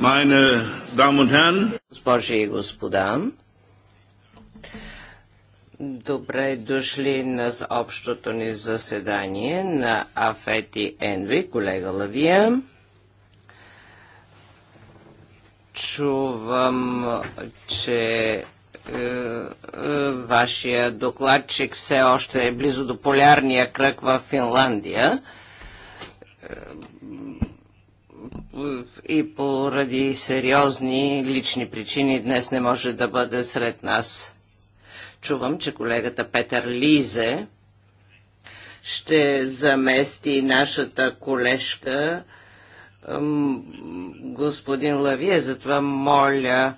Meine Damen und Herren. Госпожи и господа, добре дошли на общото ни заседание на Афети Енви, колега Лавия. Чувам, че е, е, вашия докладчик все още е близо до полярния кръг в Финландия и поради сериозни лични причини днес не може да бъде сред нас. Чувам, че колегата Петър Лизе ще замести нашата колежка господин Лавие, затова моля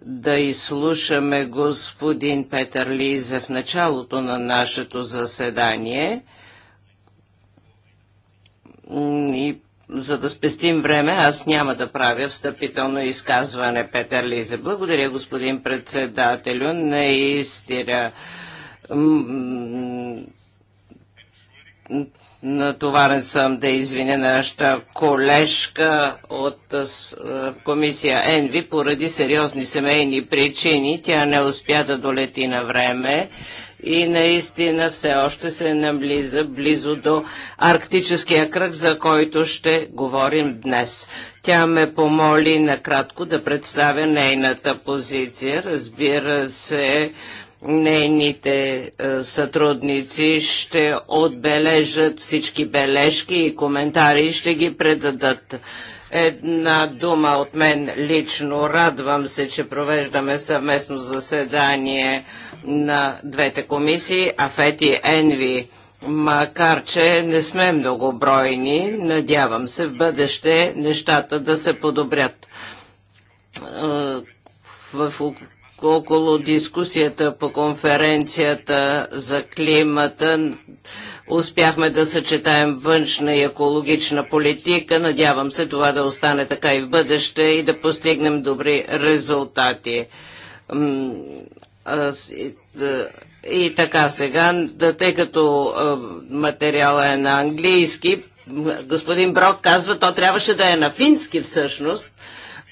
да изслушаме господин Петър Лизе в началото на нашето заседание и за да спестим време, аз няма да правя встъпително изказване, Петър Лизе. Благодаря, господин председателю. Наистина натоварен съм да извиня нашата колежка от комисия Енви поради сериозни семейни причини. Тя не успя да долети на време и наистина все още се наблиза близо до арктическия кръг, за който ще говорим днес. Тя ме помоли накратко да представя нейната позиция. Разбира се, нейните е, сътрудници ще отбележат всички бележки и коментари и ще ги предадат. Една дума от мен лично. Радвам се, че провеждаме съвместно заседание на двете комисии, АФЕТ и ЕНВИ. Макар, че не сме многобройни, надявам се в бъдеще нещата да се подобрят. Е, в около дискусията по конференцията за климата успяхме да съчетаем външна и екологична политика. Надявам се това да остане така и в бъдеще и да постигнем добри резултати и така сега, тъй като материала е на английски, господин Брок казва, то трябваше да е на фински всъщност,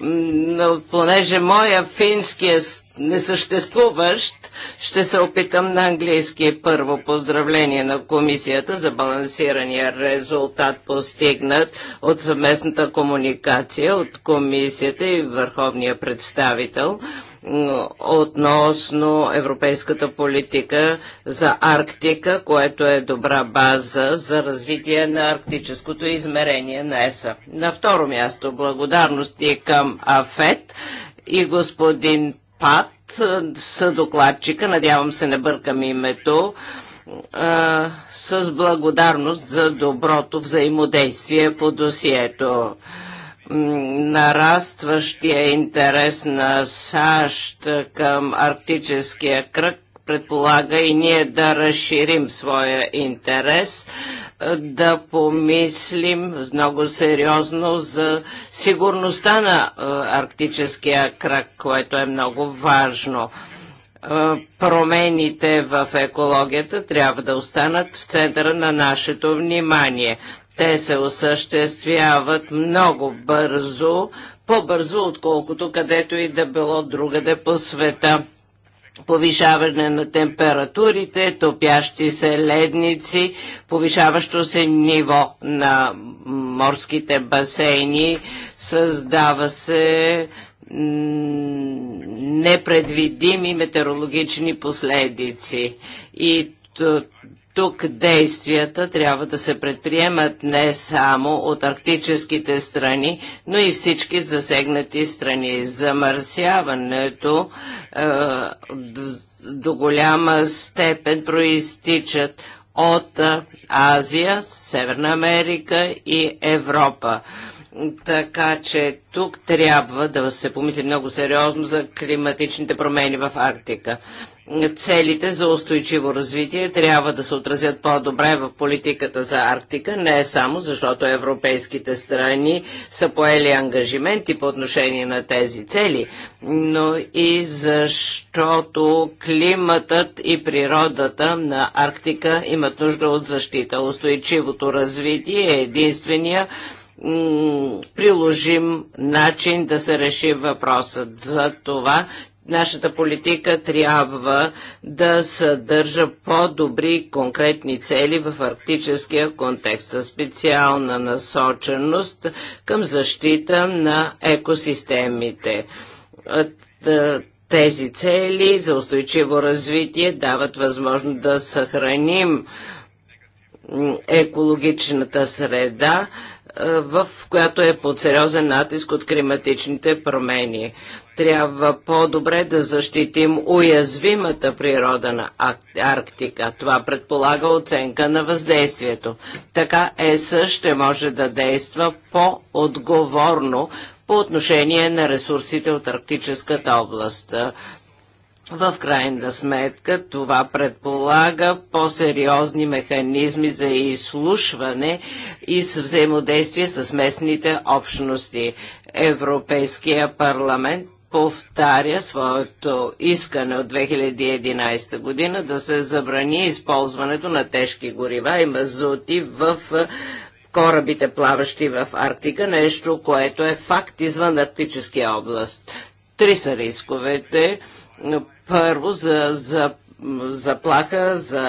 но понеже моя фински е несъществуващ, ще се опитам на английски. Първо поздравление на комисията за балансирания резултат постигнат от съвместната комуникация от комисията и върховния представител относно европейската политика за Арктика, което е добра база за развитие на арктическото измерение на ЕСА. На второ място благодарности е към АФЕТ и господин Пат, съдокладчика, надявам се не бъркам името, с благодарност за доброто взаимодействие по досието нарастващия интерес на САЩ към арктическия кръг предполага и ние да разширим своя интерес, да помислим много сериозно за сигурността на арктическия кръг, което е много важно промените в екологията трябва да останат в центъра на нашето внимание. Те се осъществяват много бързо, по-бързо отколкото където и да било другаде по света повишаване на температурите, топящи се ледници, повишаващо се ниво на морските басейни, създава се непредвидими метеорологични последици. И тук действията трябва да се предприемат не само от арктическите страни, но и всички засегнати страни. Замърсяването е, до голяма степен проистичат от е, Азия, Северна Америка и Европа. Така че тук трябва да се помисли много сериозно за климатичните промени в Арктика. Целите за устойчиво развитие трябва да се отразят по-добре в политиката за Арктика, не само защото европейските страни са поели ангажименти по отношение на тези цели, но и защото климатът и природата на Арктика имат нужда от защита. Устойчивото развитие е единствения приложим начин да се реши въпросът. За това нашата политика трябва да съдържа по-добри конкретни цели в арктическия контекст, със специална насоченост към защита на екосистемите. Тези цели за устойчиво развитие дават възможност да съхраним екологичната среда, е, в която е под сериозен натиск от климатичните промени. Трябва по-добре да защитим уязвимата природа на Арктика. Това предполага оценка на въздействието. Така ЕС ще може да действа по-отговорно по отношение на ресурсите от Арктическата област. В крайна сметка това предполага по-сериозни механизми за изслушване и взаимодействие с местните общности. Европейския парламент повтаря своето искане от 2011 година да се забрани използването на тежки горива и мазути в корабите плаващи в Арктика, нещо, което е факт извън Арктическия област. Три са рисковете първо за, за заплаха за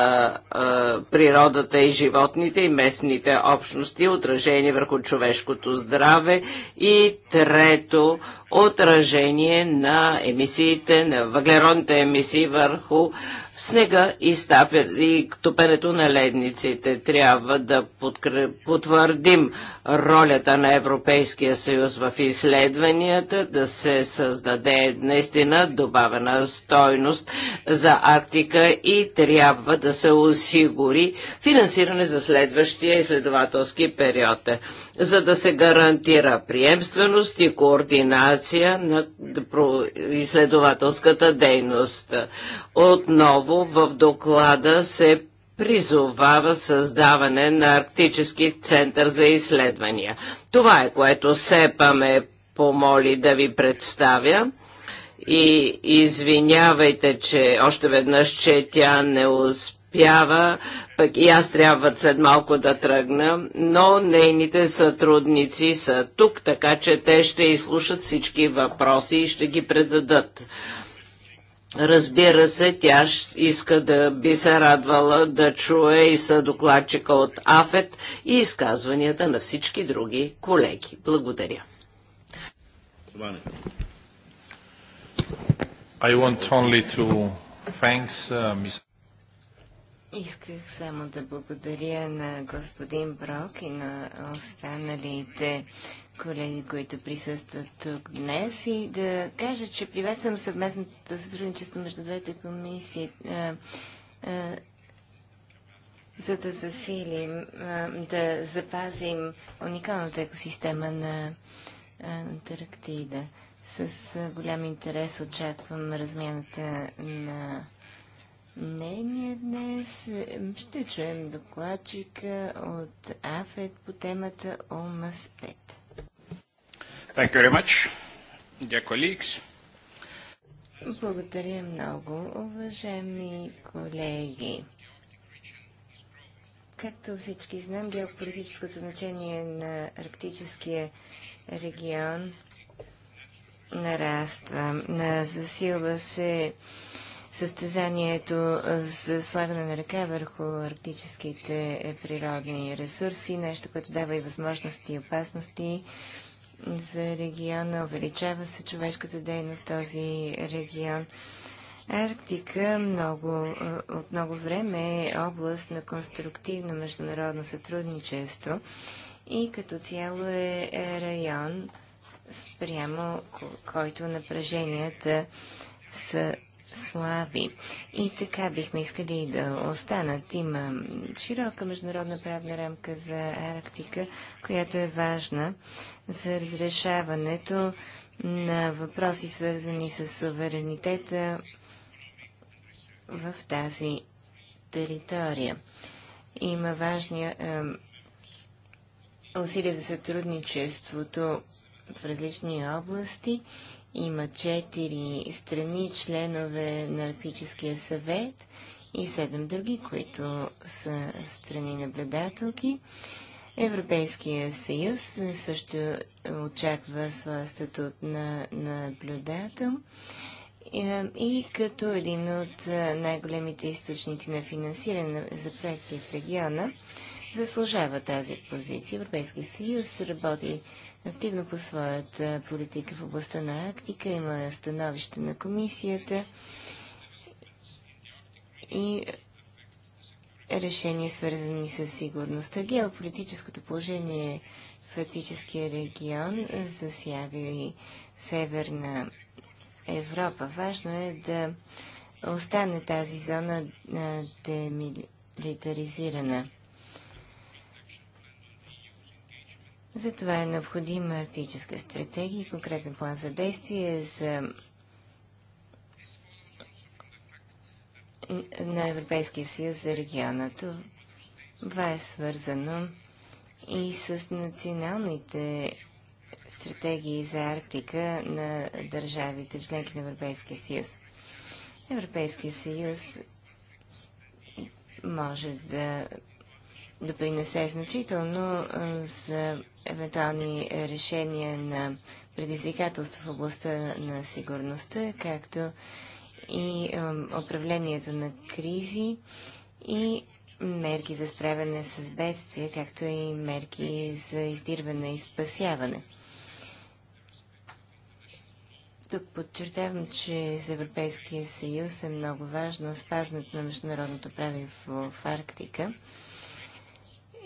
а, природата и животните и местните общности, отражение върху човешкото здраве и трето отражение на емисиите, на въглеродните емисии върху снега и, стапя, топенето на ледниците. Трябва да потвърдим ролята на Европейския съюз в изследванията, да се създаде наистина добавена стойност за Арктика и трябва да се осигури финансиране за следващия изследователски период, за да се гарантира приемственост и координация на изследователската дейност. Отново отново в доклада се призовава създаване на Арктически център за изследвания. Това е което СЕПА ме помоли да ви представя. И извинявайте, че още веднъж, че тя не успява, пък и аз трябва след малко да тръгна, но нейните сътрудници са тук, така че те ще изслушат всички въпроси и ще ги предадат Разбира се, тя иска да би се радвала да чуе и са докладчика от АФЕТ и изказванията на всички други колеги. Благодаря. I want only to thanks, uh, Mr. Исках само да благодаря на господин Брок и на останалите колеги, които присъстват тук днес и да кажа, че приветствам съвместното сътрудничество между двете комисии, а, а, за да засилим, а, да запазим уникалната екосистема на Антарктида. С голям интерес очаквам размяната на мнение днес. Ще чуем докладчика от АФЕД по темата ОМАС 5. Thank you very much. Dear colleagues. Благодаря много, уважаеми колеги. Както всички знаем, геополитическото значение на арктическия регион нараства. Засилва се състезанието за слагане на ръка върху арктическите природни ресурси, нещо, което дава и възможности и опасности за региона, увеличава се човешката дейност в този регион. Арктика много, е, от много време е област на конструктивно международно сътрудничество и като цяло е район, спрямо който напреженията са слаби. И така бихме искали да останат. Има широка международна правна рамка за Арктика, която е важна за разрешаването на въпроси, свързани с суверенитета в тази територия. Има важни е, усилия за сътрудничеството в различни области има четири страни, членове на Арктическия съвет и седем други, които са страни наблюдателки. Европейския съюз също очаква своя статут на наблюдател е, и като един от е, най-големите източници на финансиране за проекти в региона заслужава тази позиция. Европейския съюз работи активно по своята политика в областта на Арктика. Има становище на комисията и решения, свързани с сигурността. Геополитическото положение в Арктическия регион засяга и Северна Европа. Важно е да остане тази зона демилитаризирана. Затова е необходима арктическа стратегия и конкретен план за действие за на Европейския съюз за региона. Това е свързано и с националните стратегии за Арктика на държавите, членки на Европейския съюз. Европейския съюз може да допринесе значително за евентуални решения на предизвикателства в областта на сигурността, както и управлението на кризи и мерки за справяне с бедствия, както и мерки за издирване и спасяване. Тук подчертавам, че за Европейския съюз е много важно спазването на международното право в Арктика.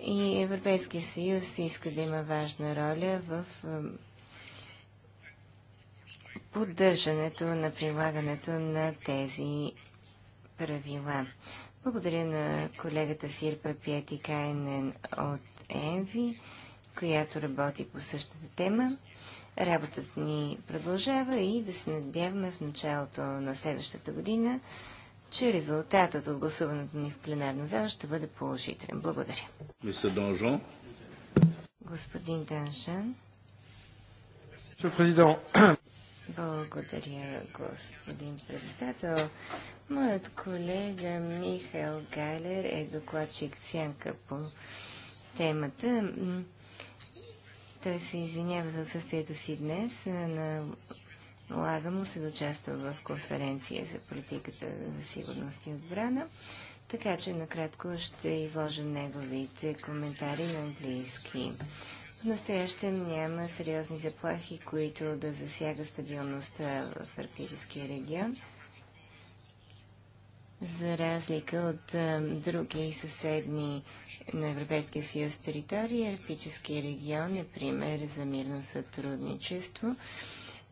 И Европейския съюз иска да има важна роля в поддържането на прилагането на тези правила. Благодаря на колегата Сирпа Пиети Кайнен от ЕНВИ, която работи по същата тема. Работата ни продължава и да се надяваме в началото на следващата година че резултатът от гласуването ни в пленарна зала ще бъде положителен. Благодаря. Господин Данжан. Благодаря, господин председател. Моят колега Михаил Гайлер е докладчик Сянка по темата. Той се извинява за отсъствието си днес на Лага му се да участва в конференция за политиката за сигурност и отбрана, така че накратко ще изложа неговите коментари на английски. Настоящем няма сериозни заплахи, които да засяга стабилността в арктическия регион, за разлика от а, други съседни на Европейския съюз територии, арктическия регион е пример за мирно сътрудничество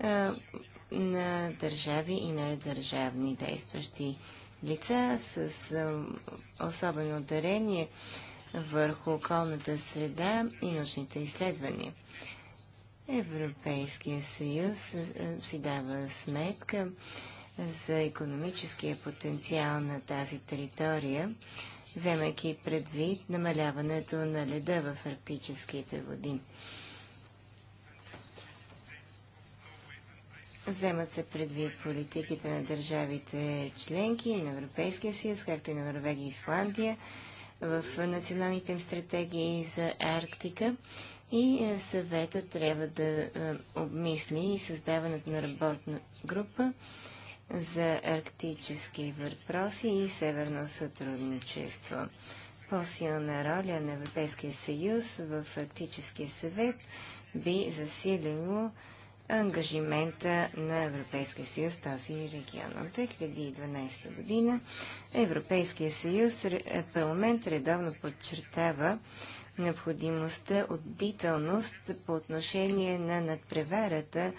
е, на държави и на държавни действащи лица с е, особено ударение върху околната среда и научните изследвания. Европейския съюз е, си дава сметка за економическия потенциал на тази територия, вземайки предвид намаляването на леда в арктическите води. Вземат се предвид политиките на държавите членки, на Европейския съюз, както и на Норвегия и Исландия в националните им стратегии за Арктика. И е, съвета трябва да е, обмисли и създаването на работна група за арктически въпроси и северно сътрудничество. По-силна роля на Европейския съюз в Арктическия съвет би засилило ангажимента на Европейския съюз в този регион. От 2012 година Европейския съюз, е, парламент редовно подчертава необходимостта от дителност по отношение на надпреварата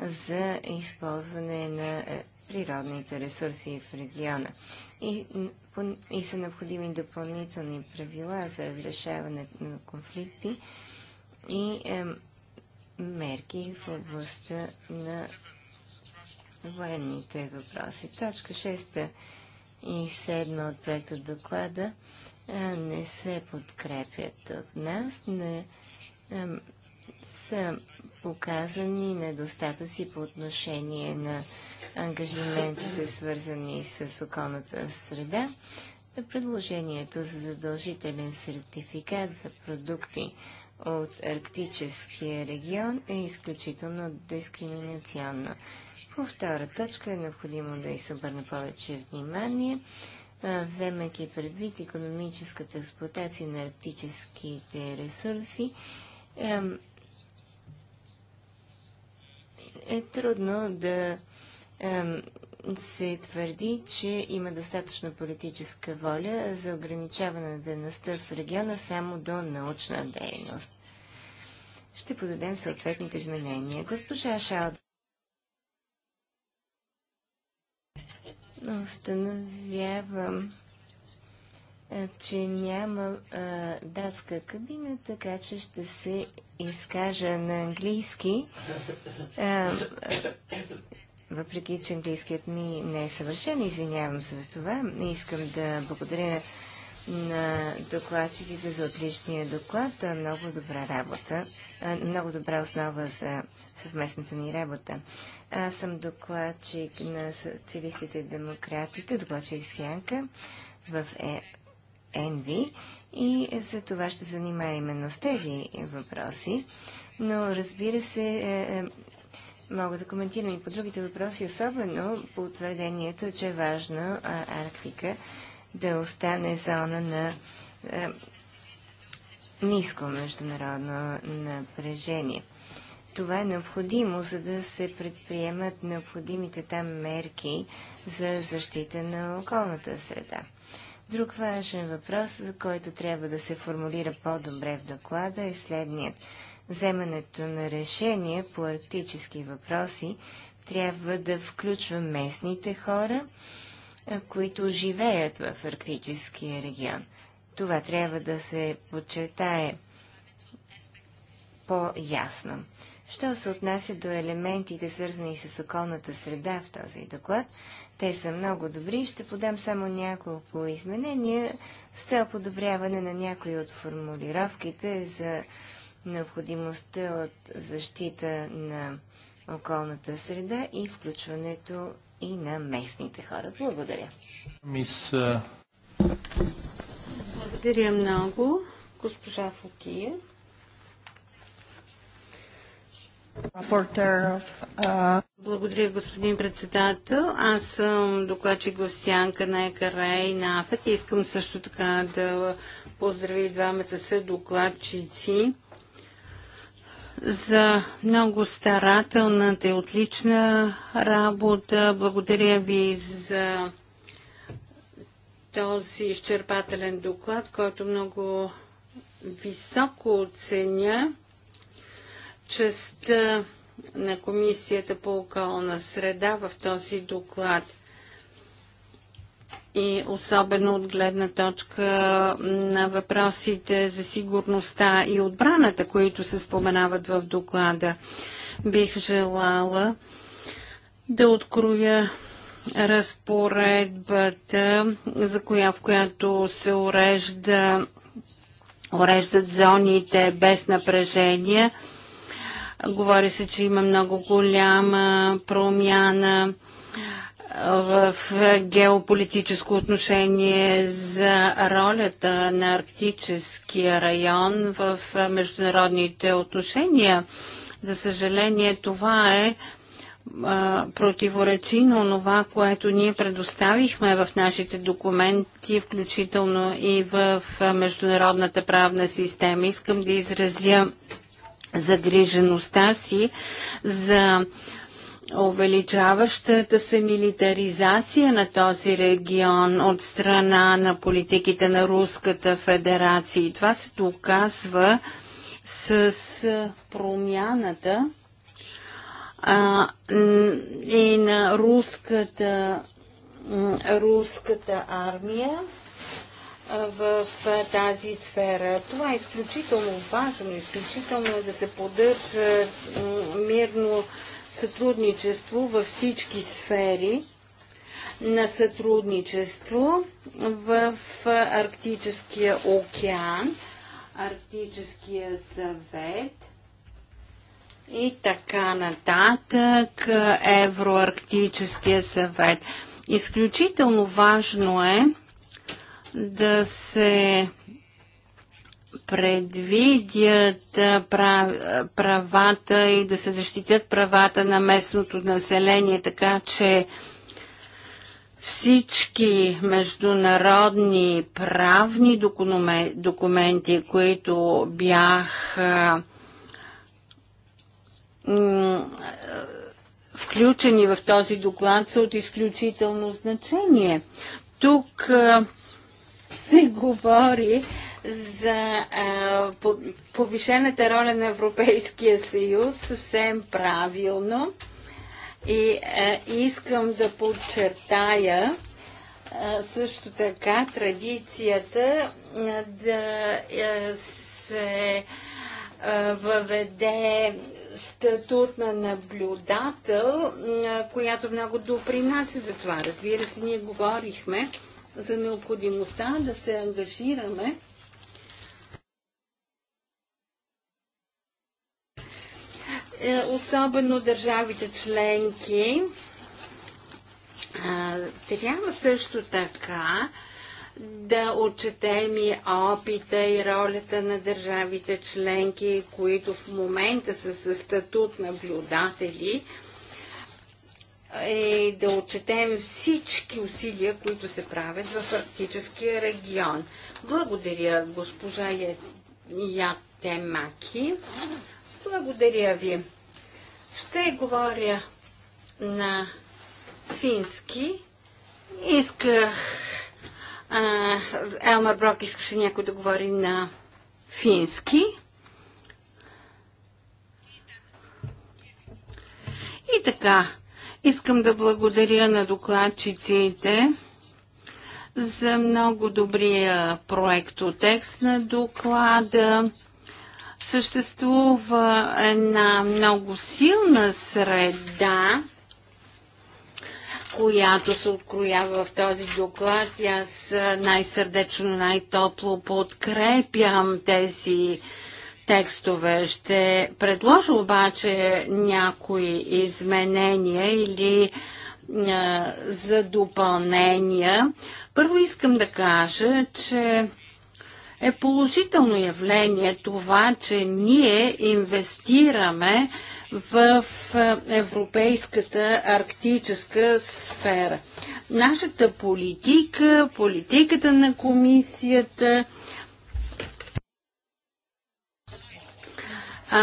за използване на е, природните ресурси в региона. И, и са необходими допълнителни правила за разрешаване на конфликти и мерки в областта на военните въпроси. Точка 6 и 7 от проекта доклада не се подкрепят от нас, не са показани недостатъци по отношение на ангажиментите, свързани с околната среда. Предложението за задължителен сертификат за продукти от арктическия регион е изключително дискриминационна. По втора точка е необходимо да и повече внимание, вземайки предвид економическата експлуатация на арктическите ресурси. Е, е трудно да е, се твърди, че има достатъчно политическа воля за ограничаване на дейността в региона само до научна дейност. Ще подадем съответните изменения. Госпожа Шалд. Установявам, е, че няма а, е, датска кабина, така че ще се изкажа на английски. А, е, въпреки, че английският ми не е съвършен, извинявам се за това. Искам да благодаря на докладчиците за отличния доклад. Той е много добра работа, много добра основа за съвместната ни работа. Аз съм докладчик на социалистите и демократите, докладчик Сянка в е, ЕНВ и за това ще занимая именно с тези въпроси. Но разбира се, е, е, мога да коментирам и по другите въпроси, особено по твърдението, че е важно а, Арктика да остане зона на а, е, ниско международно напрежение. Това е необходимо, за да се предприемат необходимите там мерки за защита на околната среда. Друг важен въпрос, за който трябва да се формулира по-добре в доклада е следният – вземането на решения по арктически въпроси трябва да включва местните хора, които живеят в арктическия регион. Това трябва да се подчертае по-ясно. Що се отнася до елементите, свързани с околната среда в този доклад, те са много добри. Ще подам само няколко изменения с цел подобряване на някои от формулировките за необходимостта от защита на околната среда и включването и на местните хора. Благодаря. Мис... Благодаря много, госпожа Фокия. Благодаря, господин председател. Аз съм докладчик в Сянка на ЕКРА и на АФЕТ. Искам също така да поздравя и двамата са докладчици за много старателната и отлична работа. Благодаря ви за този изчерпателен доклад, който много високо оценя частта на Комисията по околна среда в този доклад и особено от гледна точка на въпросите за сигурността и отбраната, които се споменават в доклада. Бих желала да откроя разпоредбата, за коя, в която се урежда, уреждат зоните без напрежение. Говори се, че има много голяма промяна в геополитическо отношение за ролята на арктическия район в международните отношения. За съжаление, това е противоречи на това, което ние предоставихме в нашите документи, включително и в международната правна система. Искам да изразя загрижеността си за увеличаващата се милитаризация на този регион от страна на политиките на Руската федерация. И това се доказва с промяната а, и на руската, руската армия в тази сфера. Това е изключително важно, изключително е да се поддържа мирно сътрудничество във всички сфери на сътрудничество в Арктическия океан, Арктическия съвет и така нататък, Евроарктическия съвет. Изключително важно е да се предвидят правата и да се защитят правата на местното население, така че всички международни правни документи, които бяха включени в този доклад, са от изключително значение. Тук се говори за а, по, повишената роля на Европейския съюз съвсем правилно. И а, искам да подчертая а, също така традицията а, да а, се а, въведе статут на наблюдател, а, която много допринася за това. Разбира се, ние говорихме за необходимостта да се ангажираме Е, особено държавите членки, трябва също така да отчетем и опита и ролята на държавите членки, които в момента са със статут наблюдатели и е да отчетем всички усилия, които се правят в арктическия регион. Благодаря, госпожа Ятемаки. Благодаря ви. Ще говоря на фински. Исках Елмар Брок искаше някой да говори на фински. И така, искам да благодаря на докладчиците за много добрия проект от текст на доклада съществува една много силна среда, която се откроява в този доклад. И аз най-сърдечно, най-топло подкрепям тези текстове. Ще предложа обаче някои изменения или а, за допълнения. Първо искам да кажа, че е положително явление това, че ние инвестираме в европейската арктическа сфера. Нашата политика, политиката на комисията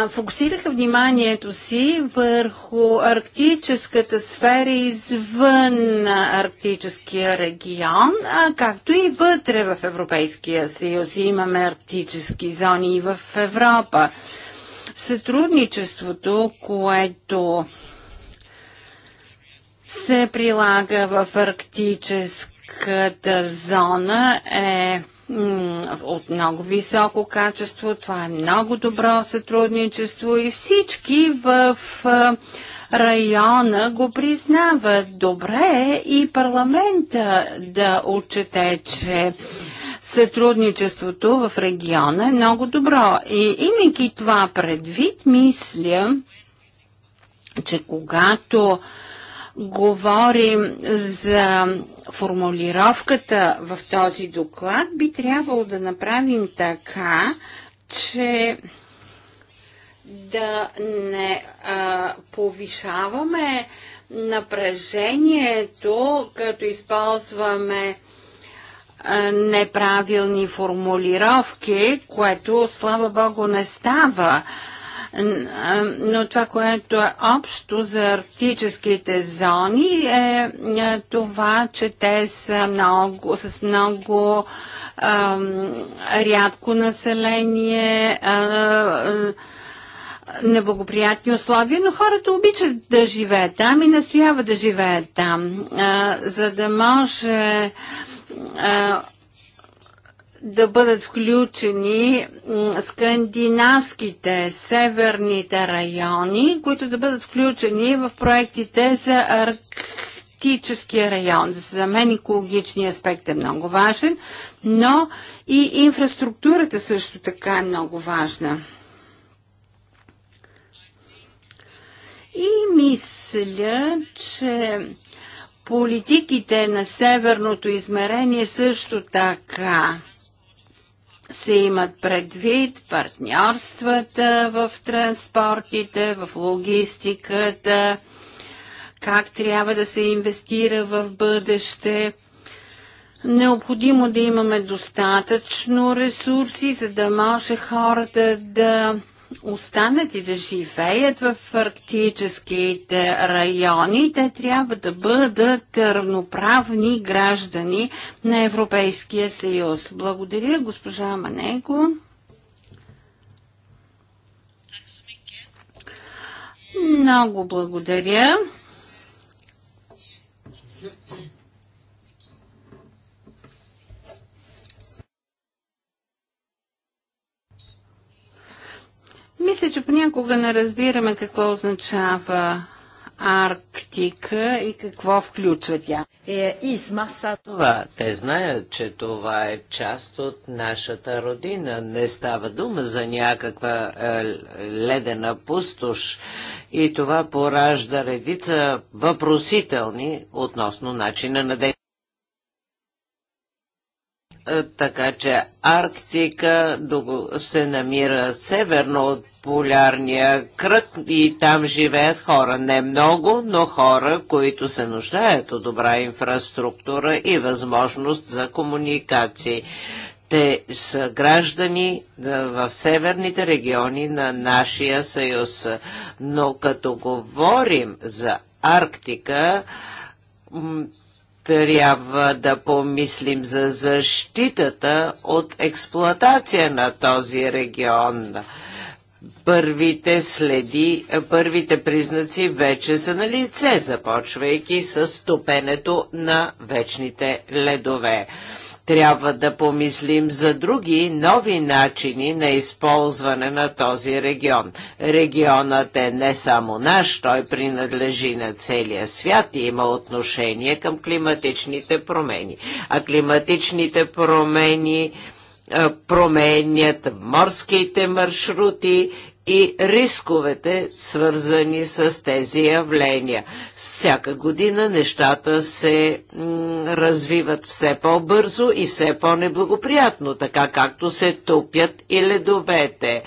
фокусираха вниманието си върху арктическата сфера извън арктическия регион, а както и вътре в Европейския съюз. имаме арктически зони и в Европа. Сътрудничеството, което се прилага в арктическата зона е от много високо качество. Това е много добро сътрудничество и всички в района го признават. Добре е и парламента да отчете, че сътрудничеството в региона е много добро. И имайки това предвид, мисля, че когато говорим за формулировката в този доклад, би трябвало да направим така, че да не а, повишаваме напрежението, като използваме а, неправилни формулировки, което слава Богу не става. А, но това, което е общо за арктическите зони е, е това, че те са много, с много ам, рядко население, а, неблагоприятни условия, но хората обичат да живеят там и настояват да живеят там, а, за да може а, да бъдат включени скандинавските северните райони, които да бъдат включени в проектите за арктическия район. За мен екологичният аспект е много важен, но и инфраструктурата също така е много важна. И мисля, че политиките на северното измерение също така се имат предвид партньорствата в транспортите, в логистиката, как трябва да се инвестира в бъдеще. Необходимо да имаме достатъчно ресурси, за да може хората да останат и да живеят в арктическите райони, те трябва да бъдат равноправни граждани на Европейския съюз. Благодаря, госпожа Манего. Много благодаря. Мисля, че понякога не разбираме какво означава Арктика и какво включва тя. Е, измаса това. Те знаят, че това е част от нашата родина. Не става дума за някаква е, ледена пустош. И това поражда редица въпросителни относно начина на действие. Е, така че Арктика се намира северно от полярния кръг и там живеят хора. Не много, но хора, които се нуждаят от добра инфраструктура и възможност за комуникации. Те са граждани е, в северните региони на нашия съюз. Но като говорим за Арктика, трябва да помислим за защитата от експлоатация на този регион. Първите следи, първите признаци вече са на лице, започвайки с топенето на вечните ледове. Трябва да помислим за други нови начини на използване на този регион. Регионът е не само наш, той принадлежи на целия свят и има отношение към климатичните промени. А климатичните промени променят морските маршрути и рисковете, свързани с тези явления. Всяка година нещата се развиват все по-бързо и все по-неблагоприятно, така както се топят и ледовете.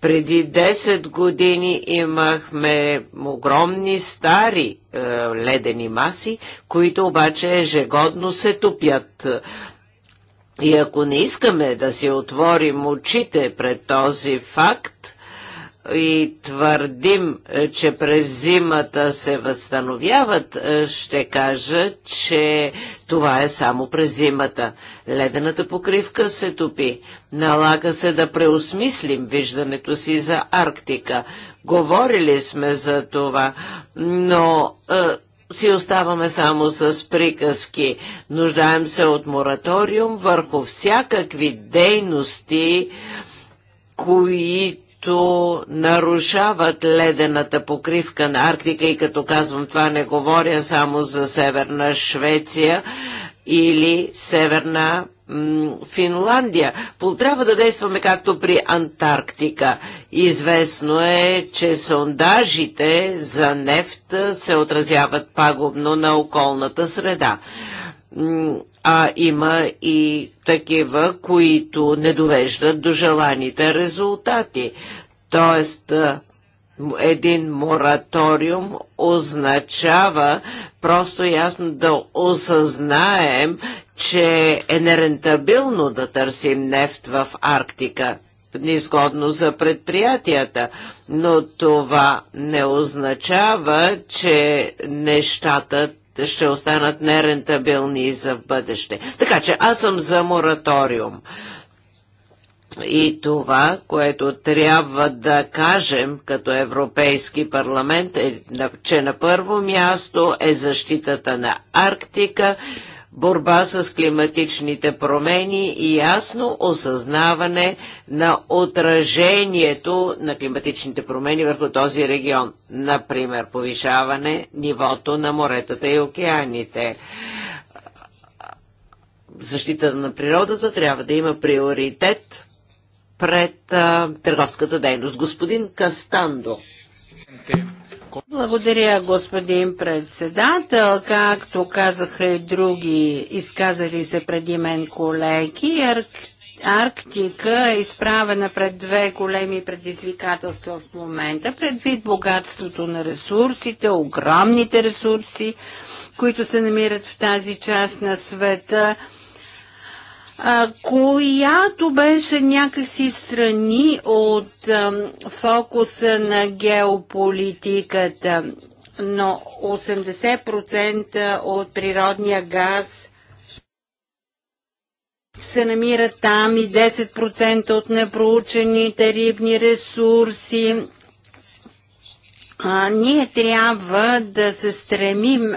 Преди 10 години имахме огромни стари е, ледени маси, които обаче ежегодно се топят. И ако не искаме да си отворим очите пред този факт, и твърдим, е, че през зимата се възстановяват, е, ще кажа, че това е само през зимата. Ледената покривка се топи. Налага се да преосмислим виждането си за Арктика. Говорили сме за това, но е, си оставаме само с приказки. Нуждаем се от мораториум върху всякакви дейности, които които нарушават ледената покривка на Арктика и като казвам това не говоря само за Северна Швеция или Северна Финландия. Трябва да действаме както при Антарктика. Известно е, че сондажите за нефт се отразяват пагубно на околната среда а има и такива, които не довеждат до желаните резултати. Тоест, един мораториум означава просто ясно да осъзнаем, че е нерентабилно да търсим нефт в Арктика неизгодно за предприятията, но това не означава, че нещата ще останат нерентабилни и за в бъдеще. Така че аз съм за мораториум. И това, което трябва да кажем като Европейски парламент е, че на първо място е защитата на Арктика, борба с климатичните промени и ясно осъзнаване на отражението на климатичните промени върху този регион. Например, повишаване нивото на моретата и океаните защита на природата трябва да има приоритет пред а, търговската дейност. Господин Кастандо. Благодаря, господин председател. Както казаха и други изказали се преди мен колеги, Арктика е изправена пред две големи предизвикателства в момента, предвид богатството на ресурсите, огромните ресурси, които се намират в тази част на света – която беше някакси в страни от фокуса на геополитиката. Но 80% от природния газ се намира там и 10% от непроучените рибни ресурси а, ние трябва да се стремим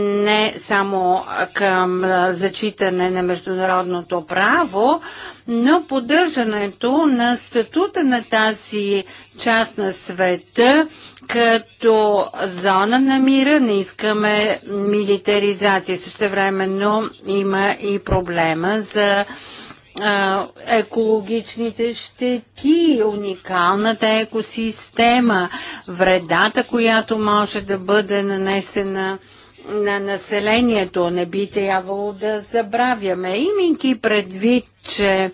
не само към зачитане на международното право, но поддържането на статута на тази част на света като зона на мира. Не искаме милитаризация. Също времено има и проблема за а, екологичните щети, уникалната екосистема, вредата, която може да бъде нанесена на населението. Не би трябвало да забравяме. Имайки предвид, че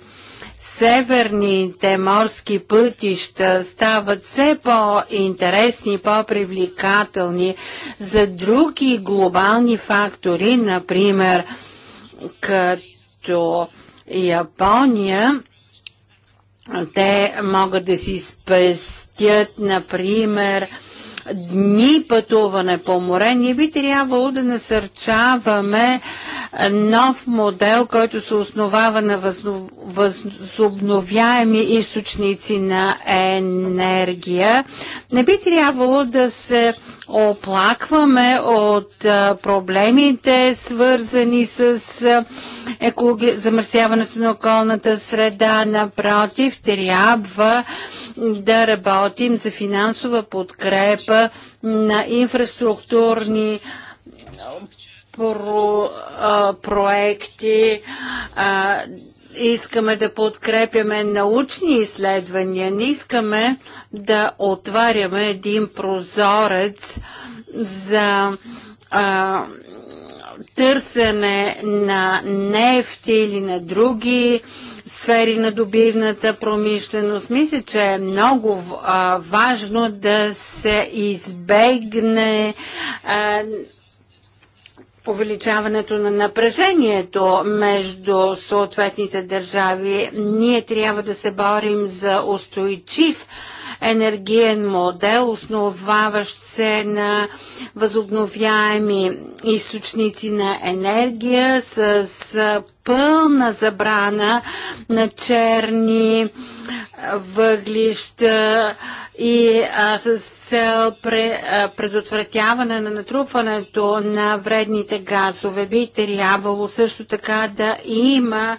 северните морски пътища стават все по-интересни, по-привлекателни за други глобални фактори, например като Япония, те могат да си спестят, например, дни пътуване по море, ние би трябвало да насърчаваме нов модел, който се основава на възобновяеми източници на енергия. Не би трябвало да се оплакваме от проблемите, свързани с замърсяването на околната среда. Напротив, трябва да работим за финансова подкрепа на инфраструктурни проекти искаме да подкрепяме научни изследвания, не искаме да отваряме един прозорец за а, търсене на нефти или на други сфери на добивната промишленост. Мисля, че е много а, важно да се избегне а, увеличаването на напрежението между съответните държави. Ние трябва да се борим за устойчив енергиен модел, основаващ се на възобновяеми източници на енергия с, с пълна забрана на черни въглища и а, с цел пре, а, предотвратяване на натрупването на вредните газове би трябвало също така да има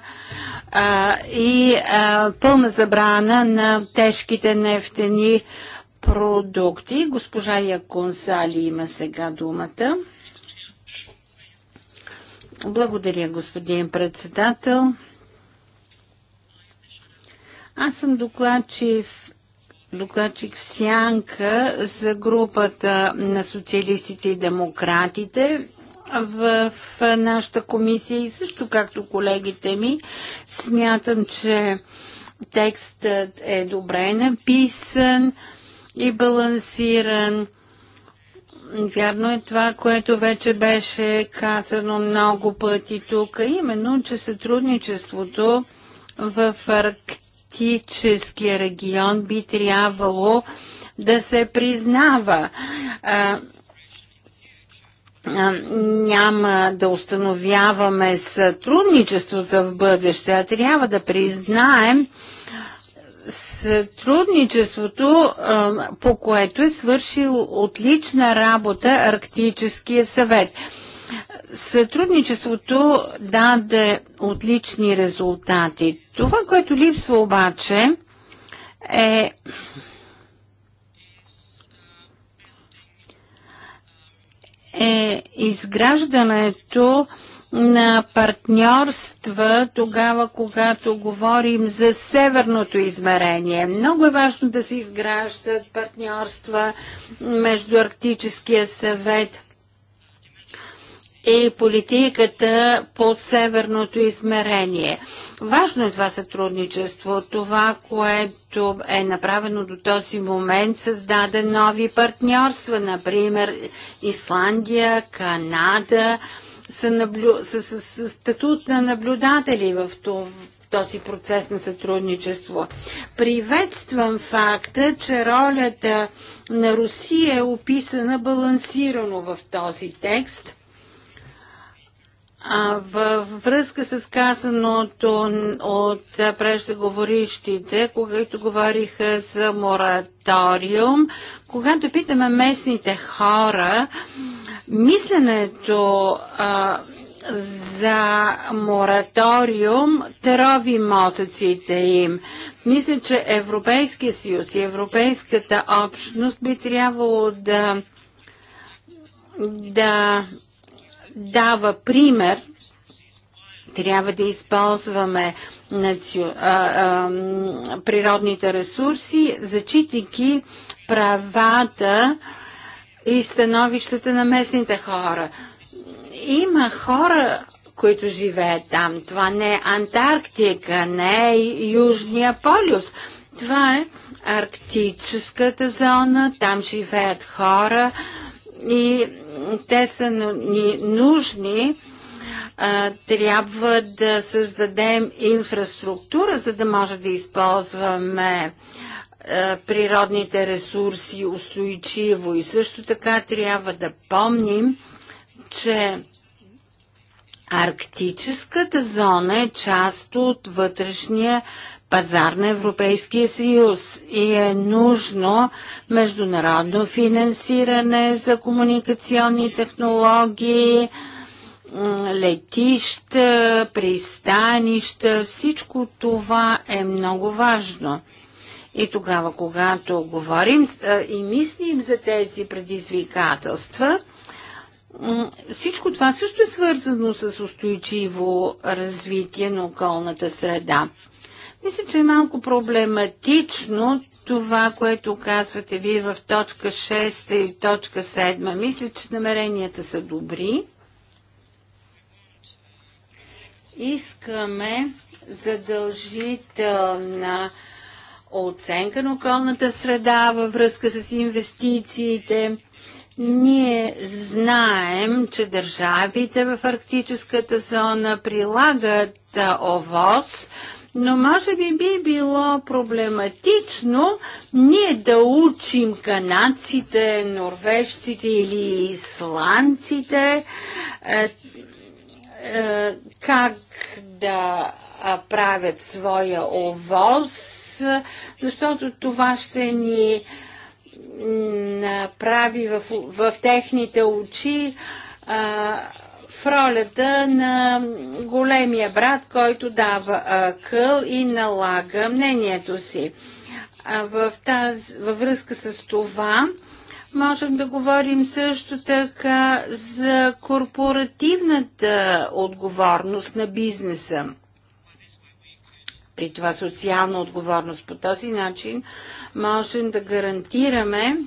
а, и а, пълна забрана на тежките нефтени продукти. Госпожа Яконсали има сега думата. Благодаря, господин председател. Аз съм докладчив, докладчик в сянка за групата на социалистите и демократите в нашата комисия и също както колегите ми. Смятам, че текстът е добре написан и балансиран. Вярно е това, което вече беше казано много пъти тук, именно, че сътрудничеството в арктическия регион би трябвало да се признава няма да установяваме сътрудничество за в бъдеще, а трябва да признаем сътрудничеството, по което е свършил отлична работа Арктическия съвет. Сътрудничеството даде отлични резултати. Това, което липсва обаче е е изграждането на партньорства тогава, когато говорим за северното измерение. Много е важно да се изграждат партньорства между Арктическия съвет и политиката по северното измерение. Важно е това сътрудничество. Това, което е направено до този момент, създаде нови партньорства, например Исландия, Канада, са наблю... с, с, с статут на наблюдатели в това този процес на сътрудничество. Приветствам факта, че ролята на Русия е описана балансирано в този текст. Във връзка с казаното от преждеговорищите, когато говориха за мораториум, когато питаме местните хора, мисленето а, за мораториум трови мотъците им. Мисля, че Европейския съюз и Европейската общност би трябвало да да дава пример трябва да използваме наци... а, а, природните ресурси, зачитайки правата и становищата на местните хора. Има хора, които живеят там. Това не е Антарктика, не е Южния полюс. Това е арктическата зона, там живеят хора и те са ни нужни, трябва да създадем инфраструктура, за да може да използваме природните ресурси устойчиво. И също така трябва да помним, че Арктическата зона е част от вътрешния пазар на Европейския съюз и е нужно международно финансиране за комуникационни технологии, летища, пристанища, всичко това е много важно. И тогава, когато говорим и мислим за тези предизвикателства, всичко това също е свързано с устойчиво развитие на околната среда. Мисля, че е малко проблематично това, което казвате вие в точка 6 и точка 7. Мисля, че намеренията са добри. Искаме задължителна оценка на околната среда във връзка с инвестициите. Ние знаем, че държавите в арктическата зона прилагат ОВОЗ, но може би би било проблематично ние да учим канадците, норвежците или исландците е, е, как да правят своя овоз, защото това ще ни направи в, в техните очи в ролята на големия брат, който дава къл и налага мнението си. В таз, във връзка с това, можем да говорим също така за корпоративната отговорност на бизнеса. При това социална отговорност по този начин можем да гарантираме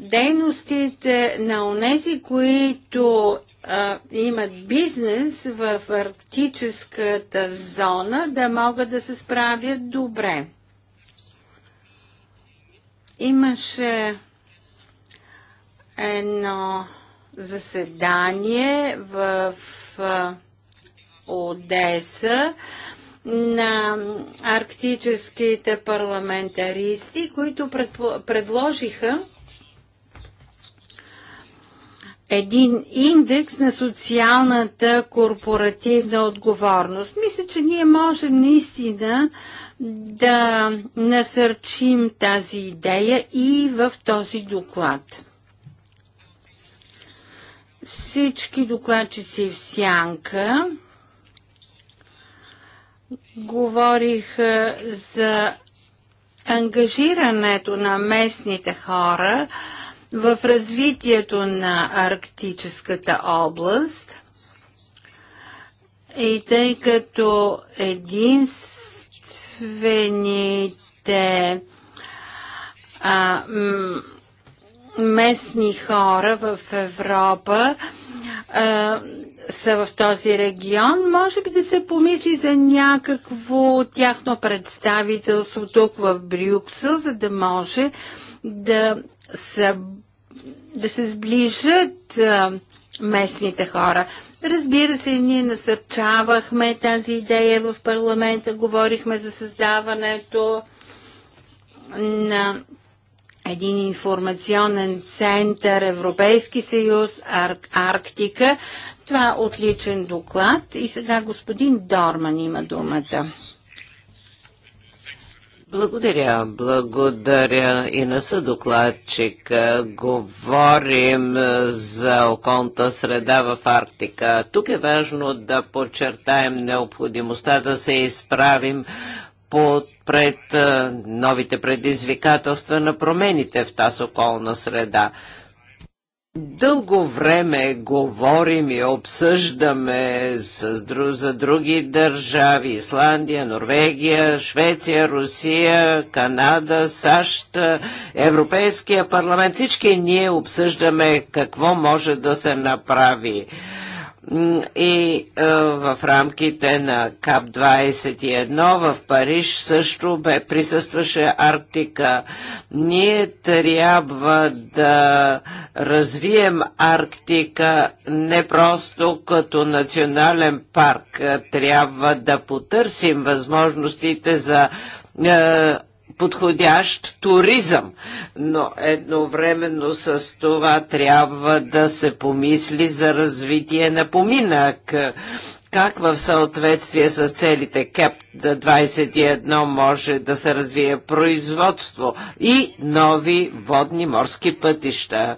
дейностите на онези, които а, имат бизнес в арктическата зона, да могат да се справят добре. Имаше едно заседание в а, Одеса на арктическите парламентаристи, които предпо, предложиха един индекс на социалната корпоративна отговорност. Мисля, че ние можем наистина да насърчим тази идея и в този доклад. Всички докладчици в сянка говорих за ангажирането на местните хора в развитието на арктическата област и тъй като единствените а, местни хора в Европа а, са в този регион, може би да се помисли за някакво тяхно представителство тук в Брюксел, за да може да са, да се сближат местните хора. Разбира се, ние насърчавахме тази идея в парламента, говорихме за създаването на един информационен център Европейски съюз Ар- Арктика. Това е отличен доклад и сега господин Дорман има думата. Благодаря. Благодаря и на съдокладчик. Говорим е, за околната среда в Арктика. Тук е важно да подчертаем необходимостта да се изправим под пред е, новите предизвикателства на промените в тази околна среда. Дълго време говорим и обсъждаме с, за други държави Исландия, Норвегия, Швеция, Русия, Канада, САЩ, Европейския парламент. Всички ние обсъждаме какво може да се направи и е, в рамките на КАП 21 в Париж също бе, присъстваше Арктика. Ние трябва да развием Арктика не просто като национален парк, е, трябва да потърсим възможностите за е, подходящ туризъм. Но едновременно с това трябва да се помисли за развитие на поминък как в съответствие с целите КЕП 21 може да се развие производство и нови водни морски пътища.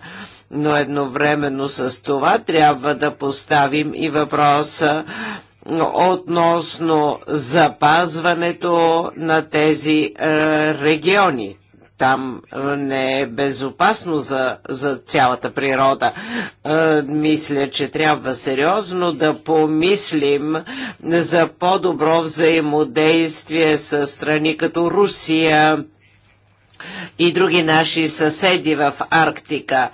Но едновременно с това трябва да поставим и въпроса относно запазването на тези е, региони. Там е, не е безопасно за, за цялата природа. Е, мисля, че трябва сериозно да помислим за по-добро взаимодействие с страни като Русия, и други наши съседи в Арктика,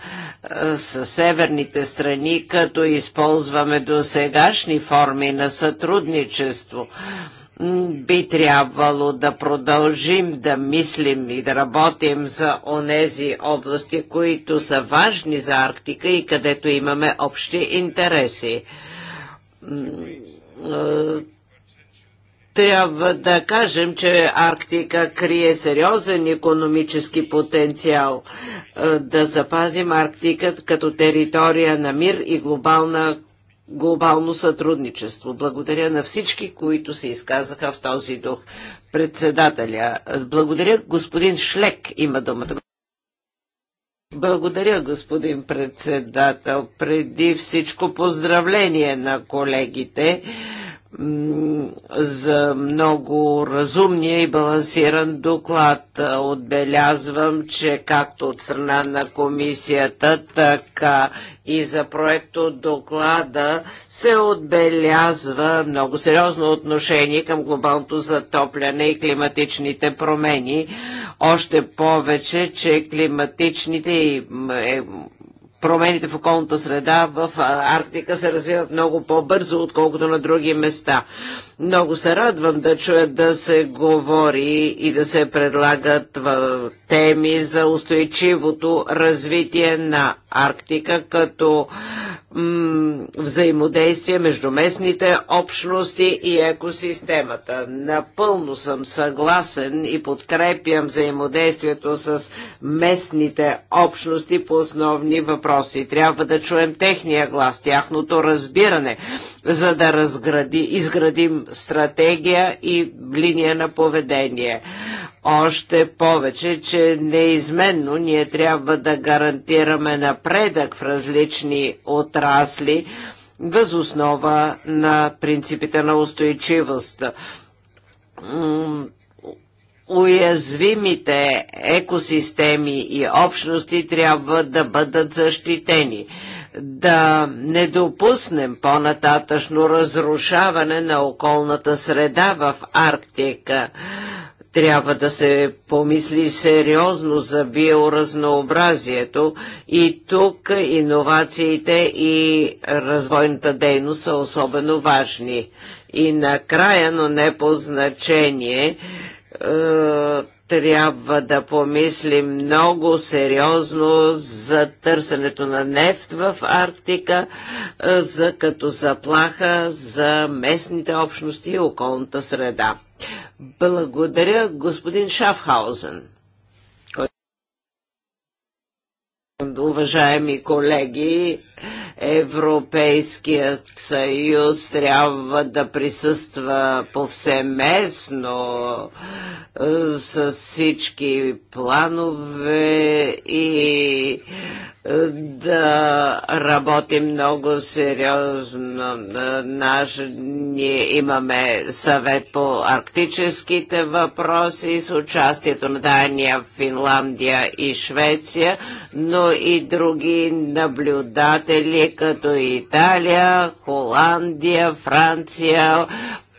е, с северните страни, като използваме до сегашни форми на сътрудничество би трябвало да продължим да мислим и да работим за онези области, които са важни за Арктика и където имаме общи интереси е, трябва да кажем, че Арктика крие сериозен економически потенциал. Да запазим Арктика като територия на мир и глобална глобално сътрудничество. Благодаря на всички, които се изказаха в този дух. Председателя, благодаря. Господин Шлек има думата. Благодаря, господин председател. Преди всичко поздравление на колегите за много разумния и балансиран доклад. Отбелязвам, че както от страна на комисията, така и за проекто доклада се отбелязва много сериозно отношение към глобалното затопляне и климатичните промени. Още повече, че климатичните и е, промените в околната среда в Арктика се развиват много по-бързо, отколкото на други места. Много се радвам да чуя да се говори и да се предлагат теми за устойчивото развитие на Арктика като взаимодействие между местните общности и екосистемата. Напълно съм съгласен и подкрепям взаимодействието с местните общности по основни въпроси. Трябва да чуем техния глас, тяхното разбиране, за да разгради, изградим стратегия и линия на поведение. Още повече, че неизменно ние трябва да гарантираме напредък в различни отрасли, възоснова на принципите на устойчивост уязвимите екосистеми и общности трябва да бъдат защитени да не допуснем по-нататъчно разрушаване на околната среда в Арктика. Трябва да се помисли сериозно за биоразнообразието и тук иновациите и развойната дейност са особено важни. И накрая, но не по значение, е, трябва да помислим много сериозно за търсенето на нефт в Арктика, за, като заплаха за местните общности и околната среда. Благодаря господин Шафхаузен. Уважаеми колеги, Европейският съюз трябва да присъства повсеместно е, с всички планове и е, да работи много сериозно. Е, наш, ние имаме съвет по арктическите въпроси с участието на Дания, Финландия и Швеция, но и други наблюдатели, като Италия, Холандия, Франция,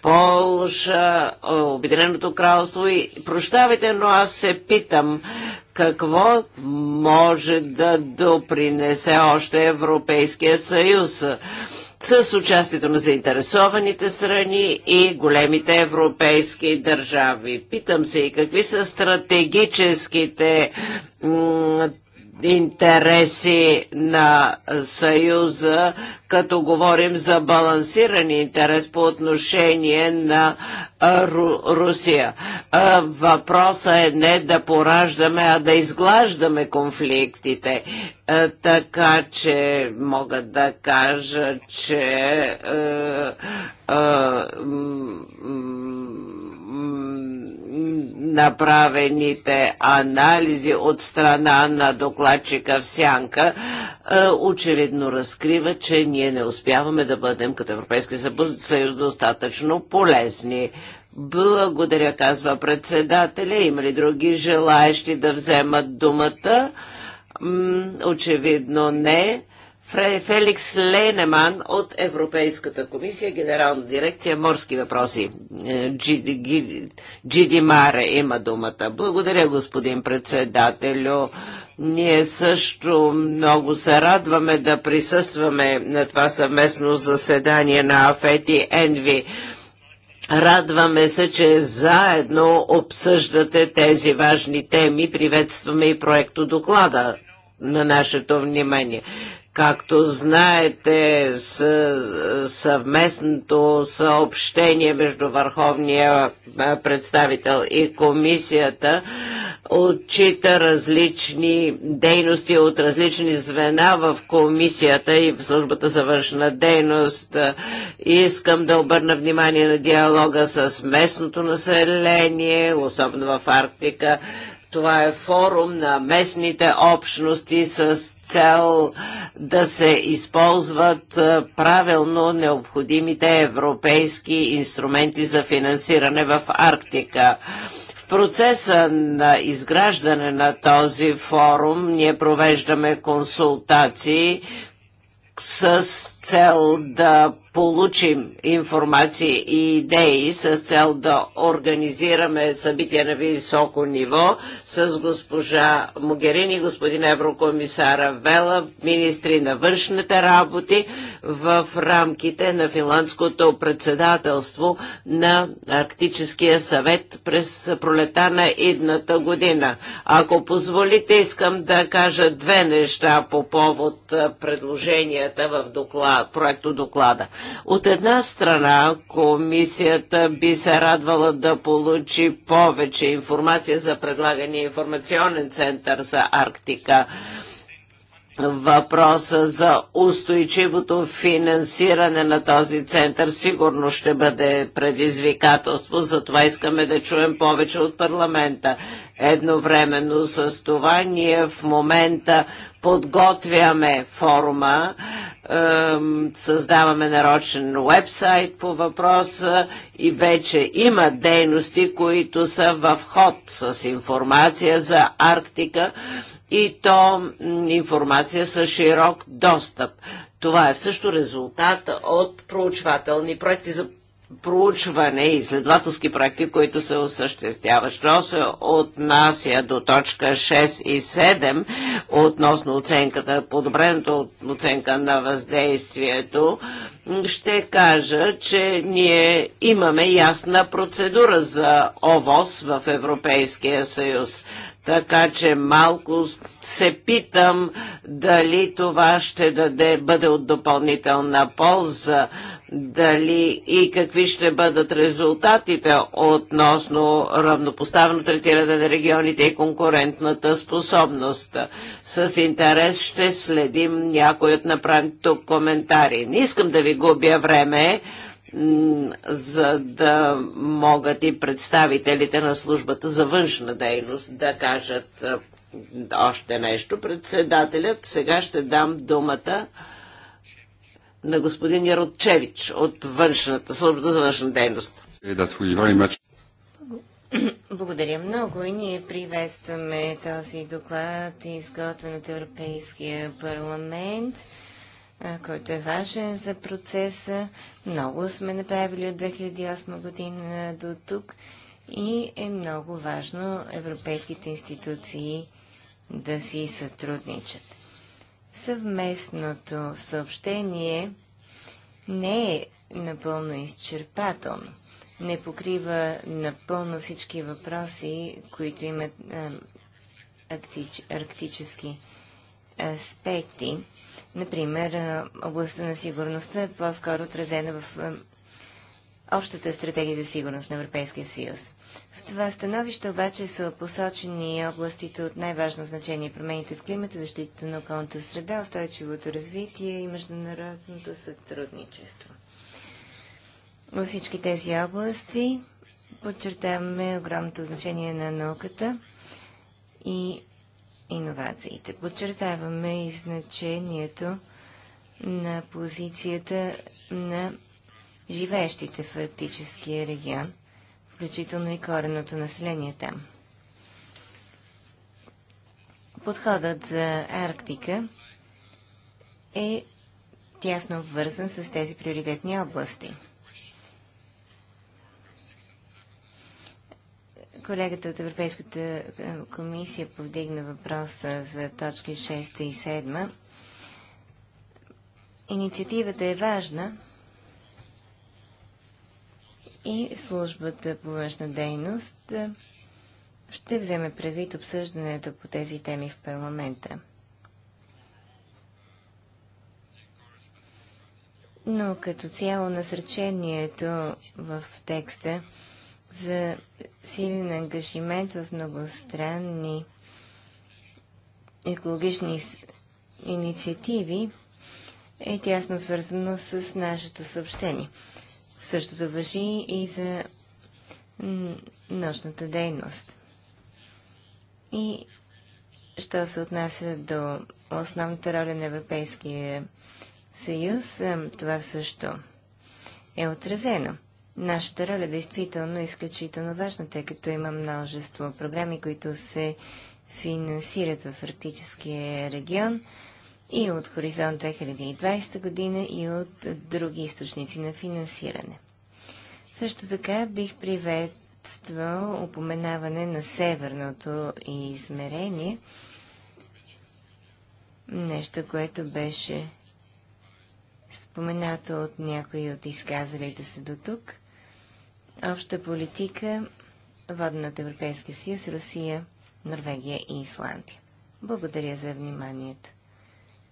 Полша, Обединеното кралство и прощавайте, но аз се питам какво може да допринесе още Европейския съюз с участието на заинтересованите страни и големите европейски държави. Питам се и какви са стратегическите интереси на Съюза, като говорим за балансиран интерес по отношение на Ру Русия. Въпросът е не да пораждаме, а да изглаждаме конфликтите. Така че мога да кажа, че е, е, направените анализи от страна на докладчика в Сянка е, очевидно разкрива, че ние не успяваме да бъдем като Европейски съюз достатъчно полезни. Благодаря, казва председателя. Има ли други желаящи да вземат думата? очевидно не. Феликс Ленеман от Европейската комисия, генерална дирекция Морски въпроси. Е, Джиди, Джиди Маре има думата. Благодаря, господин председателю. Ние също много се радваме да присъстваме на това съвместно заседание на Афети Енви. Радваме се, че заедно обсъждате тези важни теми. Приветстваме и проекто доклада на нашето внимание. Както знаете, с съвместното съобщение между върховния представител и комисията отчита различни дейности от различни звена в комисията и в службата за външна дейност. Искам да обърна внимание на диалога с местното население, особено в Арктика, това е форум на местните общности с цел да се използват е, правилно необходимите европейски инструменти за финансиране в Арктика В процеса на изграждане на този форум ние провеждаме консултации с цел да получим информация и идеи с цел да организираме събития на високо ниво с госпожа Могерини, господин еврокомисара Вела, министри на външните работи в рамките на финландското председателство на Арктическия съвет през пролета на идната година. Ако позволите, искам да кажа две неща по повод предложенията в доклад, проекто доклада. От една страна, комисията би се радвала да получи повече информация за предлагания информационен център за Арктика въпроса за устойчивото финансиране на този център сигурно ще бъде предизвикателство, затова искаме да чуем повече от парламента. Едновременно с това ние в момента подготвяме форума, създаваме нарочен вебсайт по въпроса и вече има дейности, които са в ход с информация за Арктика и то информация с широк достъп. Това е също резултат от проучвателни проекти за проучване и изследователски проекти, които се осъществяват. Що се отнася до точка 6 и 7 относно оценката, подобрената от оценка на въздействието, ще кажа, че ние имаме ясна процедура за ОВОС в Европейския съюз. Така че малко се питам дали това ще даде, бъде от допълнителна полза, дали и какви ще бъдат резултатите относно равнопоставено третиране на регионите и конкурентната способност. С интерес ще следим някой от направените коментари. Не искам да ви губя време за да могат и представителите на службата за външна дейност да кажат още нещо. Председателят, сега ще дам думата на господин Яротчевич от външната, службата за външна дейност. Благодаря много и ние приветстваме този доклад, изготвен от Европейския парламент който е важен за процеса. Много сме направили от 2008 година до тук и е много важно европейските институции да си сътрудничат. Съвместното съобщение не е напълно изчерпателно. Не покрива напълно всички въпроси, които имат арктич, арктически аспекти Например, областта на сигурността е по-скоро отразена в общата стратегия за сигурност на Европейския съюз. В това становище обаче са посочени областите от най-важно значение промените в климата, защитата на околната среда, устойчивото развитие и международното сътрудничество. Във всички тези области подчертаваме огромното значение на науката и иновациите. Подчертаваме и значението на позицията на живеещите в арктическия регион, включително и кореното население там. Подходът за Арктика е тясно вързан с тези приоритетни области – Колегата от Европейската е, комисия повдигна въпроса за точки 6 и 7. Инициативата е важна и службата по външна дейност е, ще вземе предвид обсъждането по тези теми в парламента. Но като цяло насречението в текста за силен ангажимент в многостранни екологични инициативи е тясно свързано с нашето съобщение. Същото въжи и за нощната дейност. И що се отнася до основната роля на Европейския съюз, това също е отразено. Нашата роля е действително е изключително важна, тъй като има множество програми, които се финансират в арктическия регион и от Хоризонт 2020 година и от други източници на финансиране. Също така бих приветствал упоменаване на северното измерение, нещо, което беше споменато от някои от изказалите се до тук – Обща политика, водена от Европейския съюз, Русия, Норвегия и Исландия. Благодаря за вниманието.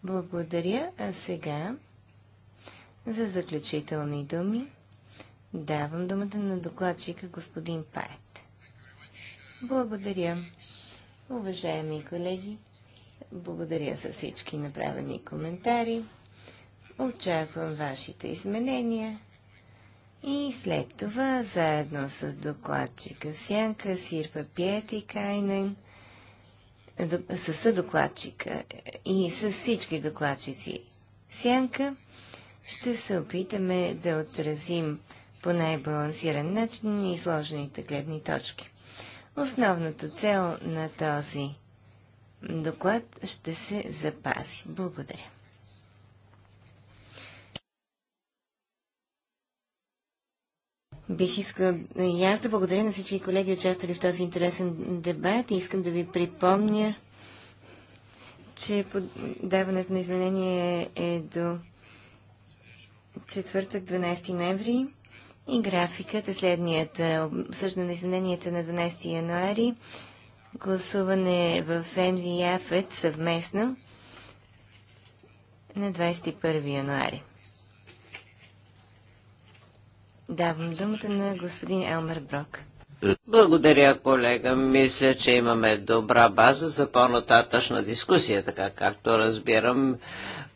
Благодаря, а сега за заключителни думи давам думата на докладчика господин Пает. Благодаря, уважаеми колеги. Благодаря за всички направени коментари. Очаквам вашите изменения. И след това, заедно с докладчика Сянка, Сирпа Пиети Кайнен, с съдокладчика и с всички докладчици Сянка, ще се опитаме да отразим по най-балансиран начин изложените гледни точки. Основната цел на този доклад ще се запази. Благодаря. Бих искал и аз да благодаря на всички колеги, участвали в този интересен дебат и искам да ви припомня, че подаването на изменение е до четвъртък, 12 ноември и графикът е следният. Обсъждане на измененията на 12 януари, гласуване в НВИ и e съвместно на 21 януари. Давам думата на господин Елмер Брок. Благодаря, колега. Мисля, че имаме добра база за по-нататъчна дискусия, така както разбирам.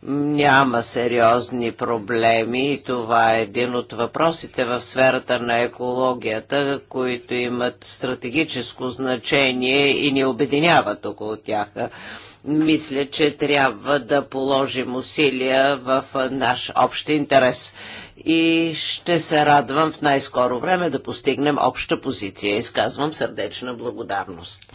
Няма сериозни проблеми и това е един от въпросите в сферата на екологията, които имат стратегическо значение и ни обединяват около тях мисля, че трябва да положим усилия в наш общ интерес и ще се радвам в най-скоро време да постигнем обща позиция. Изказвам сърдечна благодарност.